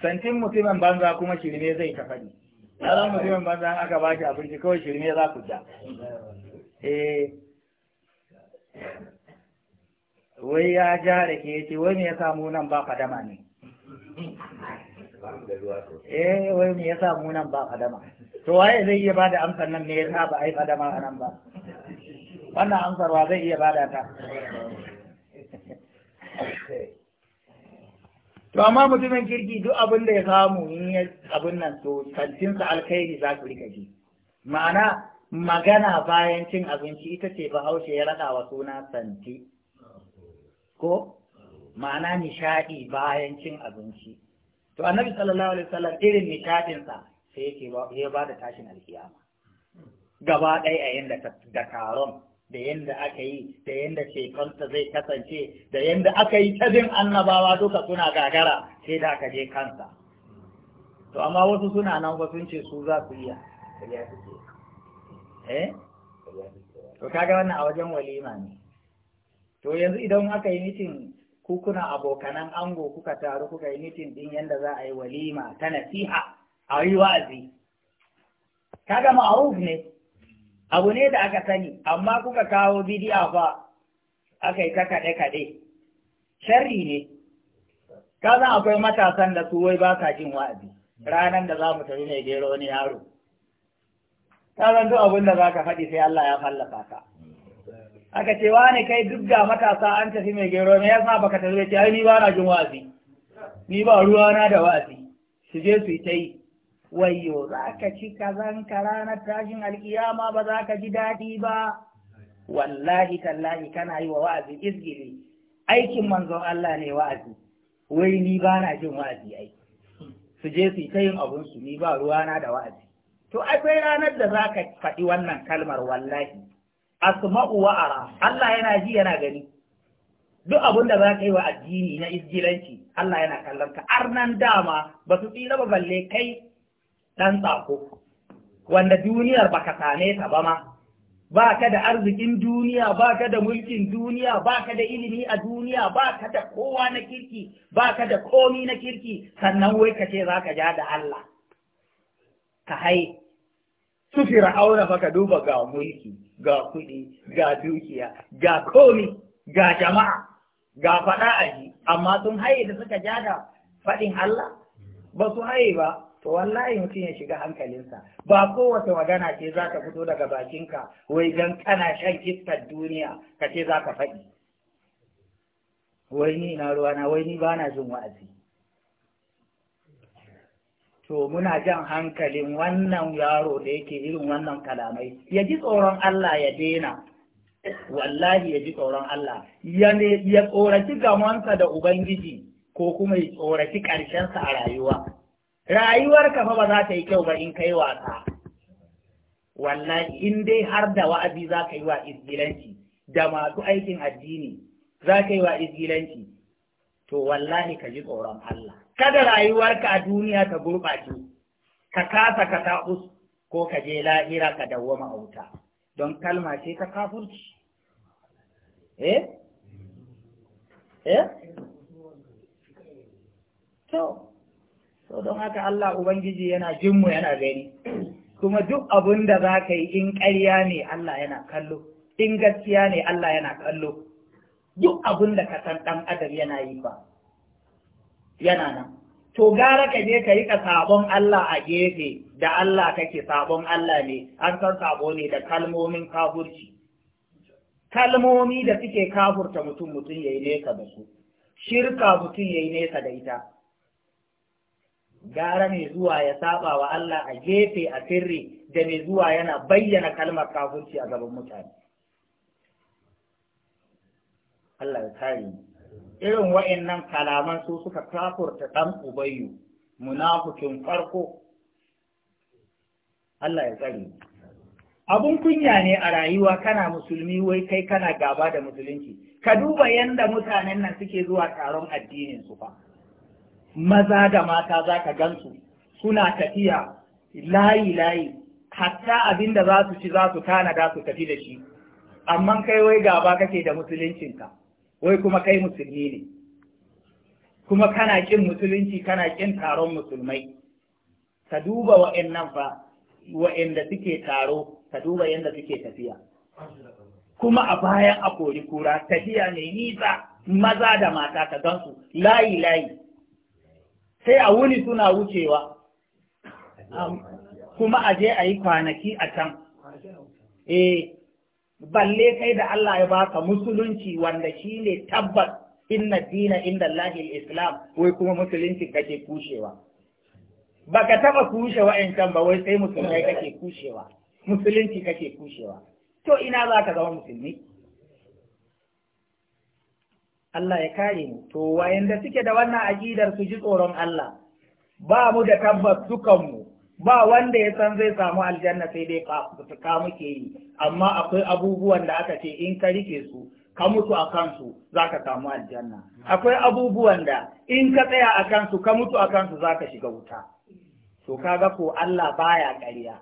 santin mutumin banza kuma shirme zai ka faɗi ɗaran mutumin banza aka ba shi abinci kawai shirme za ku da eh wai ya ja da ke ce wai me ya samu nan ba fadama ne eh wai me ya samu nan ba fadama to waye zai iya bada amsar nan me yasa ba ai kadama a nan ba wannan amsar wa zai iya bada ta to amma mutumin kirki duk abin da ya samu in ya abin nan to kantinsa alkhairi za ku rika ji ma'ana magana bayan cin abinci ita ce bahaushe ya raɗa wa suna santi ko ma'ana nishaɗi bayan cin abinci to annabi sallallahu alaihi wasallam irin nishaɗinsa sai yake ya ba da tashin alkiyama gaba ɗaya a yanda da taron da yanda aka yi da yanda shekonsa zai kasance da yanda aka yi ta bin annabawa duka suna gagara sai da aka je kansa to amma wasu suna nan ba sun ce su za su iya eh to eh? kaga wannan a wajen walima ne to yanzu idan aka yi mitin ku kuna abokanan ango kuka taru kuka yi mitin din yanda za a yi walima ta nasiha a yi wa'azi kaga ma'ruf ne abu ne da aka sani amma kuka kawo bidi'a fa aka yi ta kaɗe kaɗe sharri ne kaza akwai matasan da su wai ba sa jin wa'azi ranar da za mu tafi mai gero wani yaro ka zan duk abin da zaka faɗi sai Allah ya fallasa ka aka ce wani kai duk da matasa an tafi mai gero me yasa baka tafi ce ai ni ba na jin wa'azi ni ba ruwa na da wa'azi su je su yi ta yi wayyo za ka ci kazan ka ranar tashin alkiyama ba za ka ji daɗi ba wallahi tallahi kana yi wa wa'azi izgili aikin manzon Allah ne wa'azi wai ni ba na jin wa'azi ai su je su yi ta yin abun su ni ba ruwa na da wa'azi to akwai ranar da zaka ka faɗi wannan kalmar wallahi asma'u wa ara Allah yana ji yana gani duk abin da za yi wa addini na isgilanci, Allah yana kallon ka arnan dama ba su tsira ba balle kai dan tsako wanda duniyar ba ka same ta ba ma ba ka da arzikin duniya ba ka da mulkin duniya ba ka da ilimi a duniya ba ka da kowa na kirki ba ka da komi na kirki sannan wai ka ce za ka ja da Allah ka hai su fir'auna fa ka duba ga mulki ga kuɗi ga dukiya ga komi ga jama'a ga faɗa a ji. amma sun haye da suka ja da faɗin Allah ba su haye ba to wallahi mutum ya shiga hankalinsa ba kowace magana ce za ka fito daga bakinka wai don kana shan iskar duniya ka ce za ka faɗi wai ni na ruwana wai ni ba na jin wa'azi to muna jan hankalin wannan yaro da yake irin wannan kalamai ya ji tsoron Allah ya dena wallahi ya ji tsoron Allah ya tsoraci gamansa da Ubangiji ko kuma ya tsoraci ƙarshensa a rayuwa rayuwar kafa ba za ta yi kyau ba in kai wasa wallahi in dai har da wa'azi za ka yi wa izgilanci da masu aikin addini za ka yi wa izgilanci to wallahi ka ji tsoron Allah kada rayuwarka a duniya ta gurɓace ka kasa ka ta'us ko ka je lahira ka dawwama a don kalma ce ta kafurci eh eh to so don haka Allah ubangiji yana jinmu yana gani kuma duk abin da za ka yi in ƙarya ne Allah yana kallo in gaskiya ne Allah yana kallo duk abin da ka san ɗan adam yana yi ba yana nan to gara ka je ka rika sabon Allah a gefe da Allah kake sabon Allah ne an san sabo ne da kalmomin kafurci kalmomi da suke kafurta mutum mutum ya yi nesa da su shirka mutum ya yi nesa da ita gara mai zuwa ya saba wa Allah a gefe a sirri da mai zuwa yana bayyana kalmar kafurci a gaban mutane Allah ya kare mu irin wa'annan kalaman su suka kafurta ɗan ubayyu munafukin farko Allah ya tsari abun kunya ne a rayuwa kana musulmi wai kai kana gaba da musulunci ka duba yanda mutanen nan suke zuwa taron addinin su fa maza da mata za ka gansu suna tafiya layi layi hatta abin da za su ci za su tanada su tafi da shi amma kai wai gaba kake da musuluncinka wai kuma kai musulmi ne kuma kana kin musulunci kana kin taron musulmai ka duba wa'annan fa wa'anda suke taro ka duba yanda suke tafiya kuma a bayan a kori kura tafiya mai nisa maza da mata ka gansu layi layi sai a wuni suna wucewa kuma a je a yi kwanaki a can eh balle kai da Allah ya baka musulunci wanda shi ne tabbas inna dina inda Allah islam wai kuma musulunci kake kushewa baka taba kushe can ba wai sai musulmai kake kushewa musulunci kake kushewa to ina za ka zama musulmi Allah ya kare mu to wayanda suke da wannan aƙidar su ji tsoron Allah ba mu da tabbas dukanmu ba wanda ya san zai samu aljanna sai dai ka muke yi amma akwai abubuwan da aka ce in ka rike su ka mutu a kansu za ka samu aljanna akwai abubuwan da in ka tsaya a kansu ka mutu a kansu za ka shiga wuta to kaga ko Allah baya ƙarya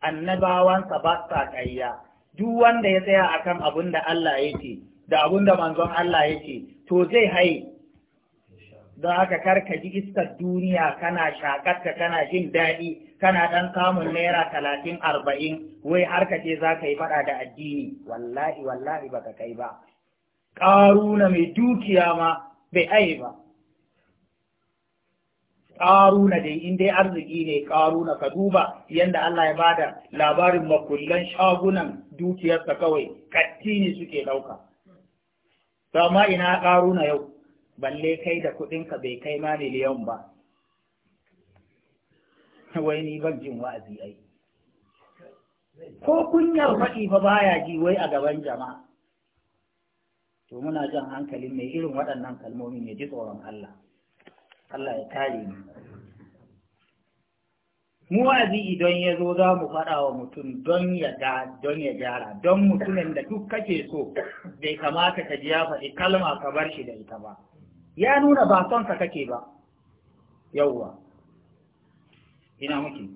annabawansa ba sa ƙarya duk wanda ya tsaya akan abin da Allah yake da abin da manzon Allah yake to zai haye don haka kar ka ji iskar duniya kana shakarta kana jin daɗi kana ɗan kamun naira talatin arba'in wai har ka ce za ka yi faɗa da addini wallahi wallahi baka kai ba ƙaruna mai dukiya ma bai ai ba ƙaruna dai in dai arziki ne ƙaruna ka duba yadda Allah ya bada labarin makullan shagunan dukiyarsa kawai katti suke ɗauka. Sama ina ƙaruna yau. balle kai da kuɗinka bai kai ma miliyan ba [laughs] wai ni ban jin wa'azi ai ko kunyar faɗi fa baya ji wai a gaban jama'a to muna jan hankalin mai irin waɗannan kalmomin ya ji tsoron Allah Allah ya kare mu mu wa'azi idan ya zo za mu faɗa wa mutum don ya ga don ya gyara don mutumin da duk kake so bai kamata ka ji ya faɗi kalma ka bar shi da ita ba ya nuna ba son ka kake ba yauwa ina muke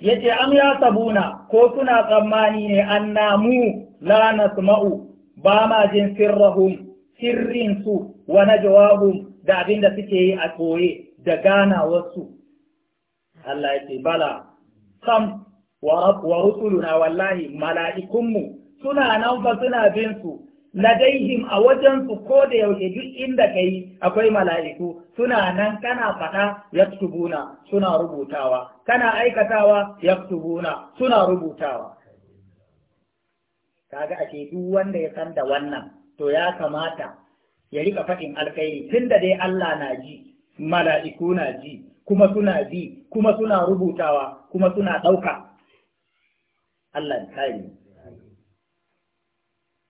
yace am ya sabuna ko suna tsammani ne annamu la nasma'u ba ma jin sirrahum sirrin su wa najwahum da abin da suke yi a koye da gana wasu Allah ya ce bala kam wa rusuluna wallahi mala'ikunmu suna nan fa suna bin su ladaihim a wajen su ko da yaushe duk inda ka yi akwai mala'iku suna nan kana faɗa tubuna suna rubutawa kana aikatawa tubuna suna rubutawa kaga ake duk wanda ya san da wannan to ya kamata ya rika faɗin alkhairi da dai Allah na ji mala'iku na ji kuma suna ji kuma suna rubutawa kuma suna ɗauka Allah ya kare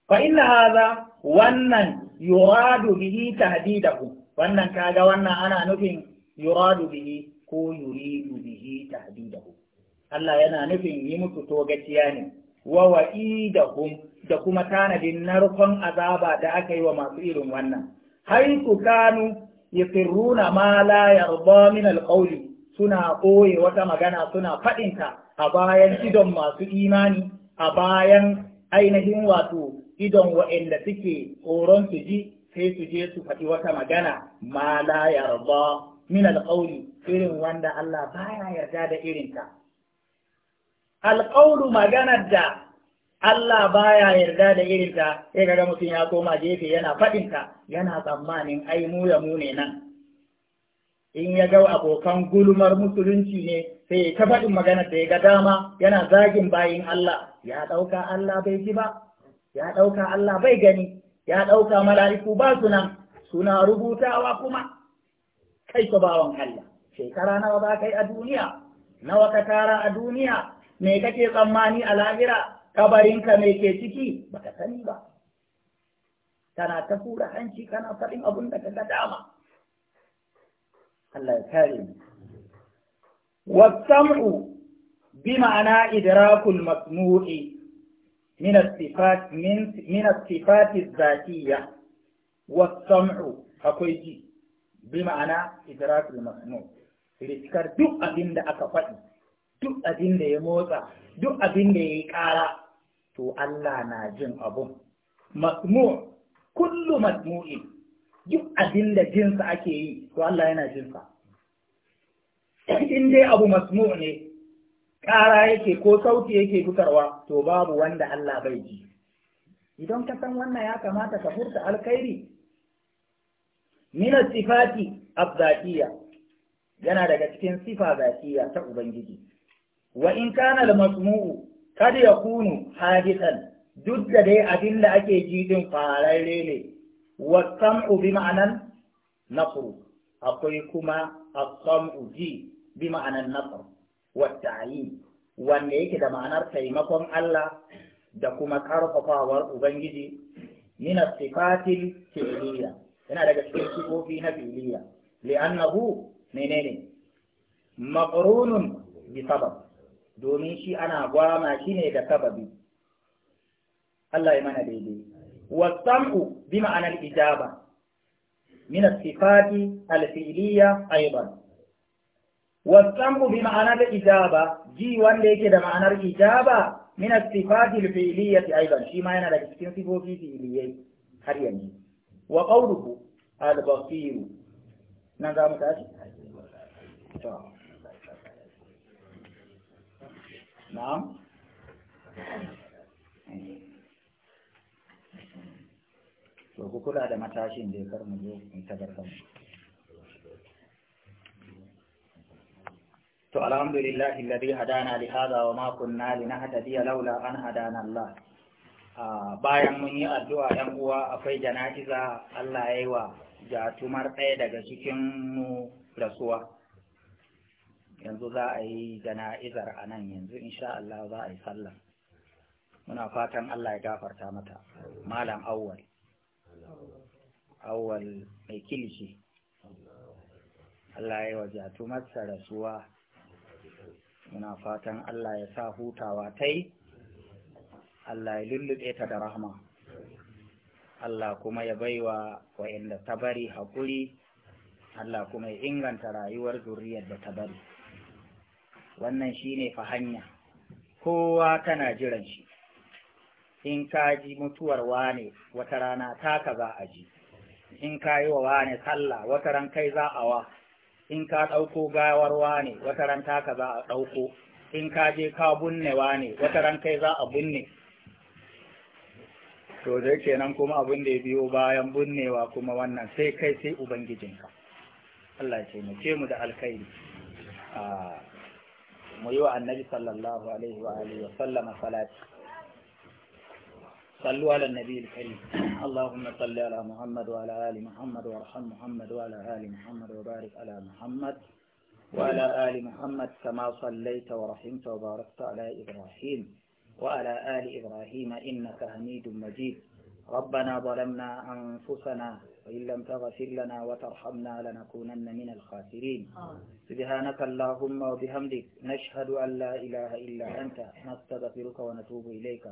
fa inna wannan yuradu bihi tahdidahu wannan kaga wannan ana nufin yuradu bihi ko yuridu bihi tahdidahu Allah yana nufin yi musu togaciya ne wa wa'idahum da kuma tanadin narkon azaba da aka yi wa masu irin wannan haitu kanu yusirruna ma la yarda min suna ɓoye wata magana suna faɗinta a bayan idon masu imani a bayan ainihin wato idon wa'inda suke tsoron su ji sai su je su faɗi wata magana ma la yarda min alƙauli irin wanda Allah baya yarda da irinta. Alƙaulu maganar da Allah baya yarda da irinta sai kaga mutum ya koma gefe yana faɗinta yana tsammanin ai mu ya mu ne nan. In ya ga abokan gulmar musulunci ne sai ta faɗin maganar da ya ga dama yana zagin bayin Allah ya ɗauka Allah bai ji ba. ya ɗauka Allah bai gani ya ɗauka mala'iku ba su nan suna rubutawa kuma kai su bawan Allah shekara nawa ba kai a duniya nawa ka tara a duniya me kake tsammani a lahira kabarinka me ke ciki Ba ka sani ba kana ta fura hanci kana faɗin abin da ka ga dama Allah ya kare ni. Wasan'u bi ma'ana idrakul masmu'i من الصفات من من الصفات الذاتية والسمع أكويجي بمعنى إدراك المسموع riskar duk abin aka faɗi duk abin ya motsa duk abin da ya yi ƙara to Allah na jin abun masmu kullu masmu'in duk abinda da jinsa ake yi to Allah yana jinsa in dai abu masmu ne ƙara yake ko sauti yake fitarwa to babu wanda Allah bai ji idan ka san wannan ya kamata ka furta alkhairi Mina sifati abdatiya yana daga cikin sifa zatiya ta ubangiji wa in kana al-masmu'u kad yakunu hadithan duk da dai abinda ake ji din fararre ne wa sam'u bi ma'anan naqru akwai kuma as-sam'u ji bi ma'anan naqru wattayi wanda yake da ma'anar taimakon Allah da kuma karfafawar Ubangiji min sifatil fi'liya yana daga cikin sifofi na fi'liya li'annahu menene maqrunun bi sabab domin shi ana gwama shi ne da sababi Allah ya mana daidai wasam'u bi ma'anar ijaba min sifati al-fi'liya wasambu bi ma'anar ijaba ji wanda yake da ma'anar ijaba min as-sifati al-fi'liyyati aidan shi ma yana daga cikin sifofi fi'liyai har yanzu wa qawluhu al-basir nan za mu tashi na'am to ku kula da matashin da kar mu zo mu tabarkan mu الحمد لله الذي هدانا لهذا وما كنا لنهتدي لولا أن هدانا الله bayan mun yi addu'a ‘yan uwa akwai jana'iza Allah ya yi wa jatumar ɗaya daga cikin mu rasuwa yanzu za a yi jana'izar a nan yanzu insha Allah za a yi sallah muna fatan Allah ya gafarta mata malam awwal awwal mai kilishi Allah ya yi wa jatumarsa rasuwa muna fatan Allah ya sa hutawa ta yi Allah ya lulluɗe ta da rahama, Allah kuma ya baiwa wa ta bari haƙuri Allah kuma ya inganta rayuwar zuriyar da ta bari wannan ne fa hanya kowa kana jiran shi in ka ji mutuwar wane wata rana taka za a ji in ka yi wa wane sallah wata ran kai za a wa in ka ɗauko gawarwa ne wata ran taka za a ɗauko in ka je ka bunnewa ne wata ran kai za a bunne to da nan kuma abin da ya biyo bayan bunnewa kuma wannan sai kai sai ubangijinka Allah ya taimake mu da alkhairi ah, mu yi wa annabi sallallahu alaihi wa alihi wa sallama salati صلوا على النبي الكريم اللهم صل على محمد وعلى آل محمد وارحم محمد وعلى آل محمد وبارك على محمد وعلى آل محمد كما صليت ورحمت وباركت على إبراهيم وعلى آل إبراهيم إنك حميد مجيد ربنا ظلمنا أنفسنا وإن لم تغفر لنا وترحمنا لنكونن من الخاسرين سبحانك اللهم وبحمدك نشهد أن لا إله إلا أنت نستغفرك ونتوب إليك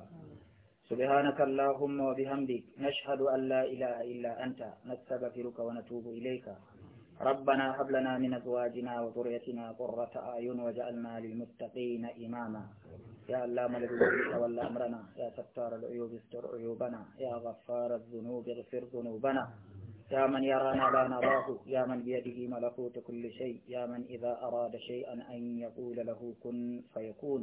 سبحانك اللهم وبحمدك نشهد أن لا إله إلا أنت نستغفرك ونتوب إليك ربنا هب لنا من أزواجنا وذريتنا قرة أعين وجعلنا للمتقين إماما يا علام الغيوب تولى أمرنا يا ستار العيوب استر عيوبنا يا غفار الذنوب اغفر ذنوبنا يا من يرانا لا نراه يا من بيده ملكوت كل شيء يا من إذا أراد شيئا أن يقول له كن فيكون